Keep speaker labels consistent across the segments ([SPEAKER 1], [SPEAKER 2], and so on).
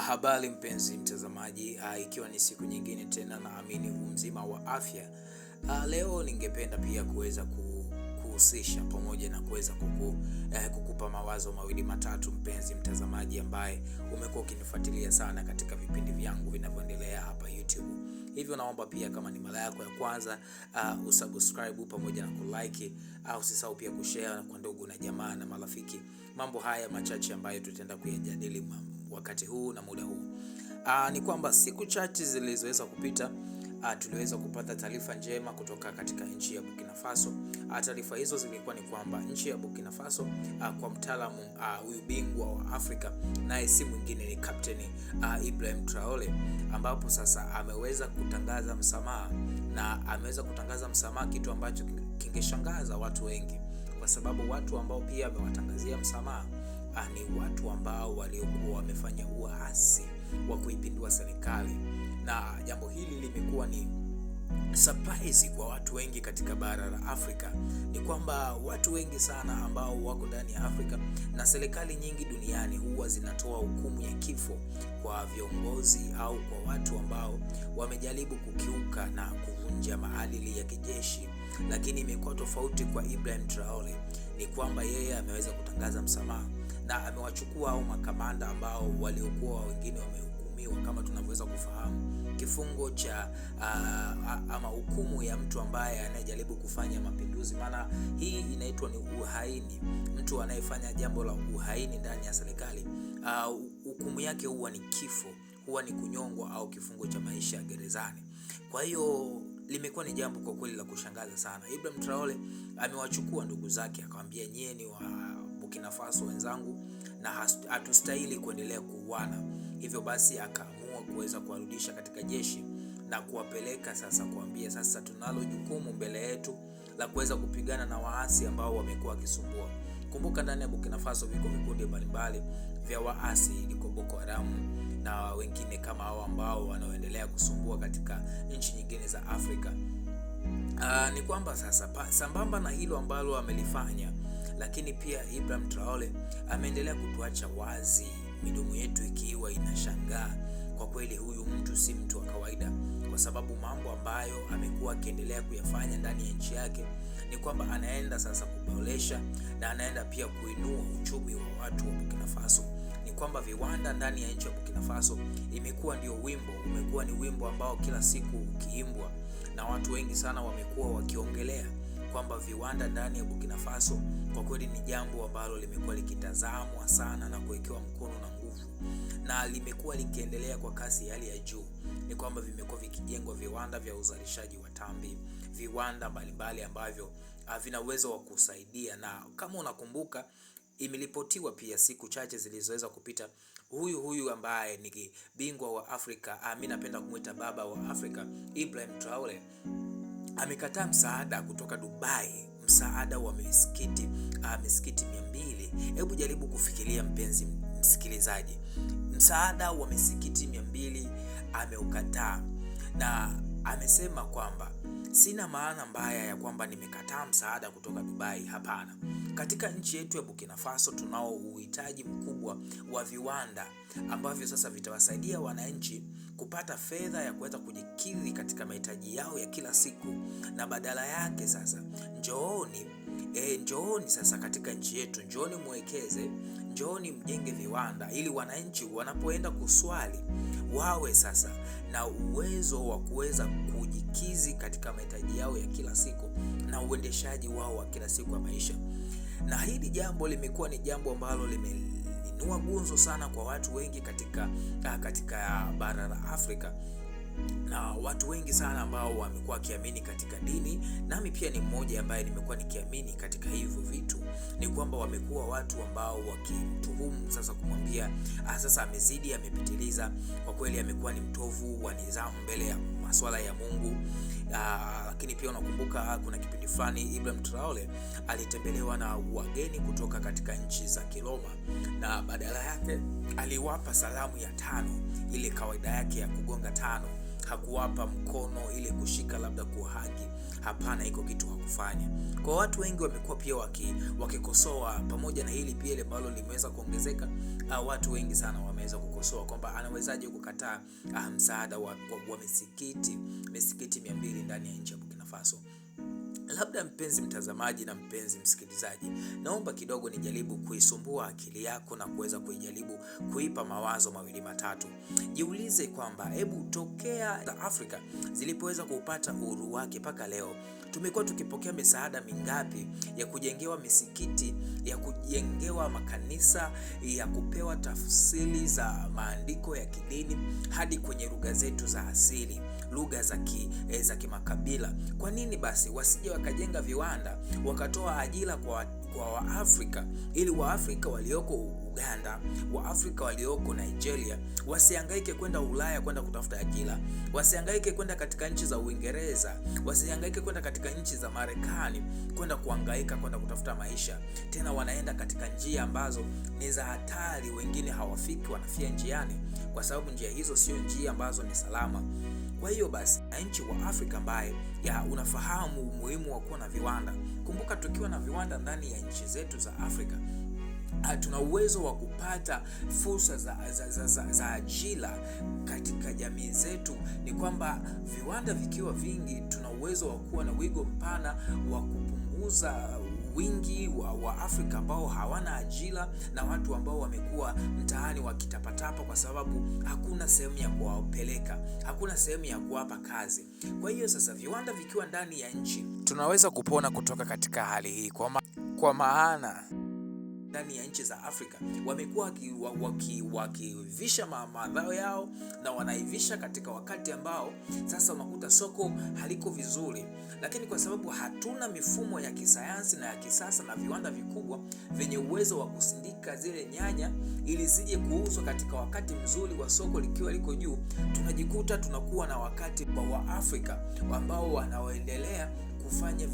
[SPEAKER 1] Habari mpenzi mtazamaji, ah, ikiwa ni siku nyingine tena, naamini mzima wa afya. Ah, leo ningependa pia kuweza kuhusisha pamoja na kuweza kuku, eh, kukupa mawazo mawili matatu, mpenzi mtazamaji ambaye umekuwa ukinifuatilia sana katika vipindi vyangu vinavyoendelea hapa YouTube. Hivyo naomba pia kama ni mara yako ya kwanza uh, usubscribe pamoja na kulike au uh, usisahau pia kushare kwa ndugu na jamaa na marafiki, mambo haya machache ambayo tutaenda kuyajadili mambo wakati huu na muda huu. Aa, ah, ni kwamba siku chache zilizoweza kupita ah, tuliweza kupata taarifa njema kutoka katika nchi ya Burkina Faso. Ah, taarifa hizo zilikuwa ni kwamba nchi ya Burkina Faso a, kwa mtaalamu huyu bingwa wa Afrika naye si mwingine ni Captain Ibrahim Traore, ambapo sasa ameweza kutangaza msamaha na ameweza kutangaza msamaha, kitu ambacho kingeshangaza watu wengi, kwa sababu watu ambao pia amewatangazia msamaha ni yaani watu ambao waliokuwa wamefanya uasi wa kuipindua serikali, na jambo hili limekuwa ni surprise kwa watu wengi katika bara la Afrika. Ni kwamba watu wengi sana ambao wako ndani ya Afrika na serikali nyingi duniani huwa zinatoa hukumu ya kifo kwa viongozi au kwa watu ambao wamejaribu kukiuka na kuvunja maadili ya kijeshi, lakini imekuwa tofauti kwa Ibrahim Traore. Ni kwamba yeye ameweza kutangaza msamaha na amewachukua au makamanda ambao waliokuwa wengine wamehukumiwa, kama tunavyoweza kufahamu kifungo cha uh, ama hukumu ya mtu ambaye anayejaribu kufanya mapinduzi. Maana hii inaitwa ni uhaini. Mtu anayefanya jambo la uhaini ndani ya serikali ah, hukumu uh, yake huwa ni kifo, huwa ni kunyongwa au kifungo cha maisha gerezani. Kwa hiyo limekuwa ni jambo kwa kweli la kushangaza sana. Ibrahim Traore amewachukua ndugu zake, akamwambia nyie ni wa Burkina Faso wenzangu, na hatustahili kuendelea kuuana. Hivyo basi akaamua kuweza kuwarudisha katika jeshi na kuwapeleka sasa, kuambia sasa, tunalo jukumu mbele yetu la kuweza kupigana na waasi ambao wamekuwa wakisumbua. Kumbuka, ndani ya Burkina Faso viko vikundi mbalimbali vya waasi, iliko Boko Haramu na wengine kama hao ambao wanaoendelea kusumbua katika nchi nyingine za Afrika. Aa, ni kwamba sasa pa, sambamba na hilo ambalo amelifanya lakini pia Ibrahim Traore ameendelea kutuacha wazi, midomo yetu ikiwa inashangaa. Kwa kweli huyu mtu si mtu wa kawaida, kwa sababu mambo ambayo amekuwa akiendelea kuyafanya ndani ya nchi yake ni kwamba anaenda sasa kuboresha na anaenda pia kuinua uchumi wa watu wa Burkina Faso. Ni kwamba viwanda ndani ya nchi ya Burkina Faso imekuwa ndio wimbo, umekuwa ni wimbo ambao kila siku ukiimbwa na watu wengi sana wamekuwa wakiongelea kwamba viwanda ndani ya Burkina Faso kwa kweli ni jambo ambalo limekuwa likitazamwa sana na kuwekewa mkono na nguvu, na limekuwa likiendelea kwa kasi hali ya juu. Ni kwamba vimekuwa vikijengwa viwanda vya uzalishaji wa tambi, viwanda mbalimbali ambavyo vina uwezo wa kusaidia, na kama unakumbuka imeripotiwa pia siku chache zilizoweza kupita, huyu huyu ambaye ni bingwa wa Afrika, ah, mi napenda kumwita baba wa Afrika, Ibrahim Traore amekataa msaada kutoka Dubai, msaada wa misikiti uh, misikiti mia mbili. Hebu jaribu kufikiria mpenzi msikilizaji, msaada wa misikiti mia mbili ameukataa na amesema kwamba Sina maana mbaya ya kwamba nimekataa msaada kutoka Dubai, hapana. Katika nchi yetu ya Burkina Faso tunao uhitaji mkubwa wa viwanda ambavyo sasa vitawasaidia wananchi kupata fedha ya kuweza kujikidhi katika mahitaji yao ya kila siku, na badala yake sasa njooni E, njooni sasa katika nchi yetu, njooni mwekeze, njooni mjenge viwanda, ili wananchi wanapoenda kuswali wawe sasa na uwezo wa kuweza kujikizi katika mahitaji yao ya kila siku na uendeshaji wao wa kila siku ya maisha. Na hili jambo limekuwa ni jambo ambalo limeinua gunzo sana kwa watu wengi katika, katika bara la Afrika na watu wengi sana ambao wamekuwa wakiamini katika dini, nami pia ni mmoja ambaye nimekuwa nikiamini katika hivyo vitu, ni kwamba wamekuwa watu ambao wakimtuhumu sasa, kumwambia ah, sasa amezidi, amepitiliza, kwa kweli amekuwa ni mtovu wa nidhamu mbele ya masuala ya Mungu. Aa, ah, lakini pia unakumbuka ah, kuna kipindi fulani Ibrahim Traore alitembelewa na wageni kutoka katika nchi za Kiroma na badala yake aliwapa salamu ya tano, ile kawaida yake ya kugonga tano hakuwapa mkono ile kushika labda kwa haki. Hapana, iko kitu hakufanya. Kwa watu wengi wamekuwa pia wakikosoa pamoja na hili pia ile ambalo limeweza kuongezeka, ah, watu wengi sana wameweza kukosoa kwamba anawezaje kukataa ah, msaada wa, wa, wa misikiti misikiti mia mbili ndani ya nchi ya Burkina Faso. Labda mpenzi mtazamaji na mpenzi msikilizaji, naomba kidogo nijaribu kuisumbua akili yako na kuweza kuijaribu kuipa mawazo mawili matatu. Jiulize kwamba hebu tokea Afrika zilipoweza kupata uhuru wake mpaka leo tumekuwa tukipokea misaada mingapi ya kujengewa misikiti, ya kujengewa makanisa, ya kupewa tafsiri za maandiko ya kidini hadi kwenye lugha zetu za asili, lugha za ki, eh, za kimakabila. Kwa nini basi wasije wakajenga viwanda, wakatoa ajira kwa, kwa Waafrika ili Waafrika walioko Uganda, Waafrika walioko Nigeria wasihangaike kwenda Ulaya kwenda kutafuta ajira, wasihangaike kwenda katika nchi za Uingereza, wasihangaike kwenda katika nchi za Marekani kwenda kuhangaika kwenda kutafuta maisha. Tena wanaenda katika njia ambazo ni za hatari, wengine hawafiki, wanafia njiani, kwa sababu njia hizo sio njia ambazo ni salama. Kwa hiyo basi, nchi wa Afrika ambaye ya unafahamu umuhimu wa kuwa na viwanda, kumbuka tukiwa na viwanda ndani ya nchi zetu za Afrika ah, tuna uwezo wa kupata fursa za, za, za, za, za ajira katika jamii zetu. Ni kwamba viwanda vikiwa vingi, tuna uwezo wa kuwa na wigo mpana wa kupunguza wingi wa Waafrika ambao hawana ajira na watu ambao wamekuwa mtaani wakitapatapa kwa sababu hakuna sehemu ya kuwapeleka, hakuna sehemu ya kuwapa kazi. Kwa hiyo sasa viwanda vikiwa ndani ya nchi
[SPEAKER 2] tunaweza kupona kutoka katika hali hii kwa, ma kwa maana
[SPEAKER 1] ndani ya nchi za Afrika wamekuwa wakiivisha madhao yao na wanaivisha katika wakati ambao sasa unakuta soko haliko vizuri, lakini kwa sababu hatuna mifumo ya kisayansi na ya kisasa na viwanda vikubwa vyenye uwezo wa kusindika zile nyanya ili zije kuuzwa katika wakati mzuri wa soko likiwa liko juu, tunajikuta tunakuwa na wakati wa afrika ambao wanaoendelea kufanya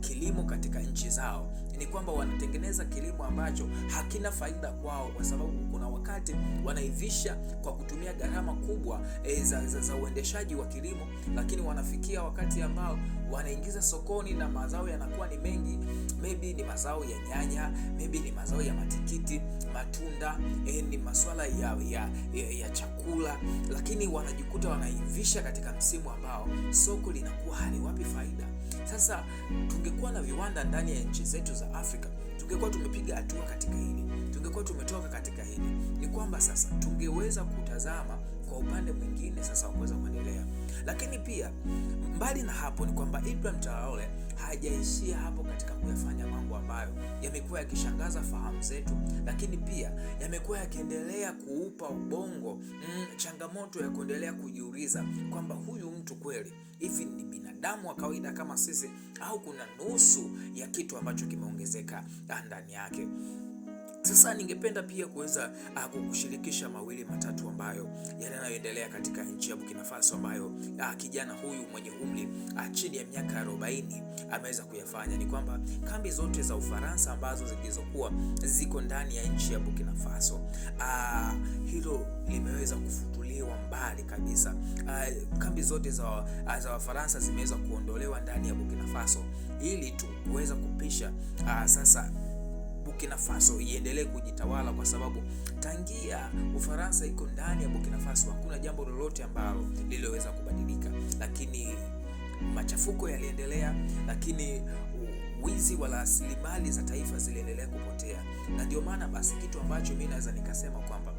[SPEAKER 1] kilimo katika nchi zao ni kwamba wanatengeneza kilimo ambacho hakina faida kwao, kwa sababu kuna wakati wanaivisha kwa kutumia gharama kubwa e, za, za, za uendeshaji wa kilimo, lakini wanafikia wakati ambao wanaingiza sokoni na mazao yanakuwa ni mengi, maybe ni mazao ya nyanya, maybe ni mazao ya matikiti, matunda e, ni masuala ya, ya, ya, ya chakula, lakini wanajikuta wanaivisha katika msimu ambao soko linakuwa haliwapi faida. Sasa tungekuwa na viwanda ndani ya nchi zetu za Afrika, tungekuwa tumepiga hatua katika hili, tungekuwa tumetoka katika hili. Ni kwamba sasa tungeweza kutazama kwa upande mwingine sasa wa kuweza kuendelea, lakini pia mbali na hapo ni kwamba Ibrahim Traore hajaishia hapo katika kuyafanya mambo ambayo yamekuwa yakishangaza fahamu zetu, lakini pia yamekuwa yakiendelea kuupa ubongo mm, changamoto ya kuendelea kujiuliza kwamba huyu mtu kweli hivi ni binadamu wa kawaida kama sisi, au kuna nusu ya kitu ambacho kimeongezeka ndani yake. Sasa ningependa pia kuweza ah, kukushirikisha mawili matatu ambayo yanayoendelea katika nchi ya Burkina Faso ambayo a, ah, kijana huyu mwenye umri ah, chini ya miaka 40 ameweza kuyafanya. Ni kwamba kambi zote za Ufaransa ambazo zilizokuwa ziko ndani ya nchi ya Burkina Faso hilo limeweza kufutuliwa mbali kabisa. A, kambi zote za, za Wafaransa zimeweza kuondolewa ndani ya Burkina Faso ili tu kuweza kupisha a, sasa Burkina Faso iendelee kujitawala, kwa sababu tangia Ufaransa iko ndani ya Burkina Faso hakuna jambo lolote ambalo liloweza kubadilika, lakini machafuko yaliendelea, lakini wizi wa rasilimali za taifa ziliendelea kupotea, na ndio maana basi, kitu ambacho mi naweza nikasema kwamba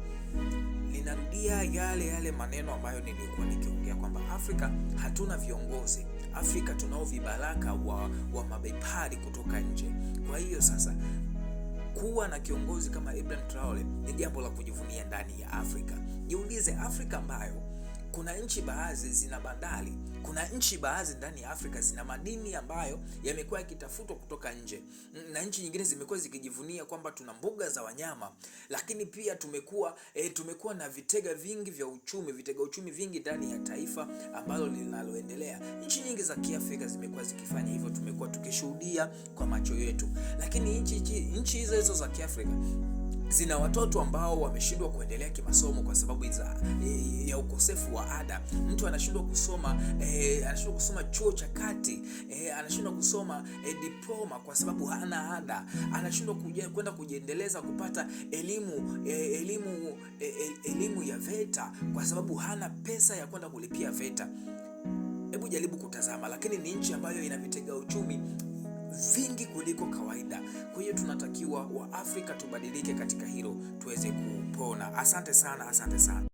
[SPEAKER 1] ninarudia yale yale maneno ambayo nilikuwa nikiongea kwamba Afrika hatuna viongozi, Afrika tunao vibaraka wa, wa mabepari kutoka nje. Kwa hiyo sasa kuwa na kiongozi kama Ibrahim Traore ni jambo la kujivunia ndani ya Afrika. Jiulize, Afrika ambayo kuna nchi baadhi zina bandari kuna nchi baadhi ndani ya Afrika zina madini ambayo yamekuwa yakitafutwa kutoka nje, na nchi nyingine zimekuwa zikijivunia kwamba tuna mbuga za wanyama, lakini pia tumekuwa e, tumekuwa na vitega vingi vya uchumi, vitega uchumi vingi ndani ya taifa ambalo linaloendelea. Nchi nyingi za Kiafrika zimekuwa zikifanya hivyo, tumekuwa tukishuhudia kwa macho yetu, lakini nchi nchi hizo hizo za Kiafrika zina watoto ambao wameshindwa kuendelea kimasomo kwa sababu za, e, ya ukosefu wa ada. Mtu anashindwa kusoma e, anashindwa kusoma chuo cha kati e, anashindwa kusoma e, diploma kwa sababu hana ada, anashindwa kwenda kujiendeleza kupata elimu e, elimu e, elimu ya VETA kwa sababu hana pesa ya kwenda kulipia VETA. Hebu jaribu kutazama, lakini ni nchi ambayo ina vitega uchumi vingi kuliko kawaida. Kwa hiyo tunatakiwa Waafrika tubadilike katika hilo tuweze kupona. Asante sana, asante sana.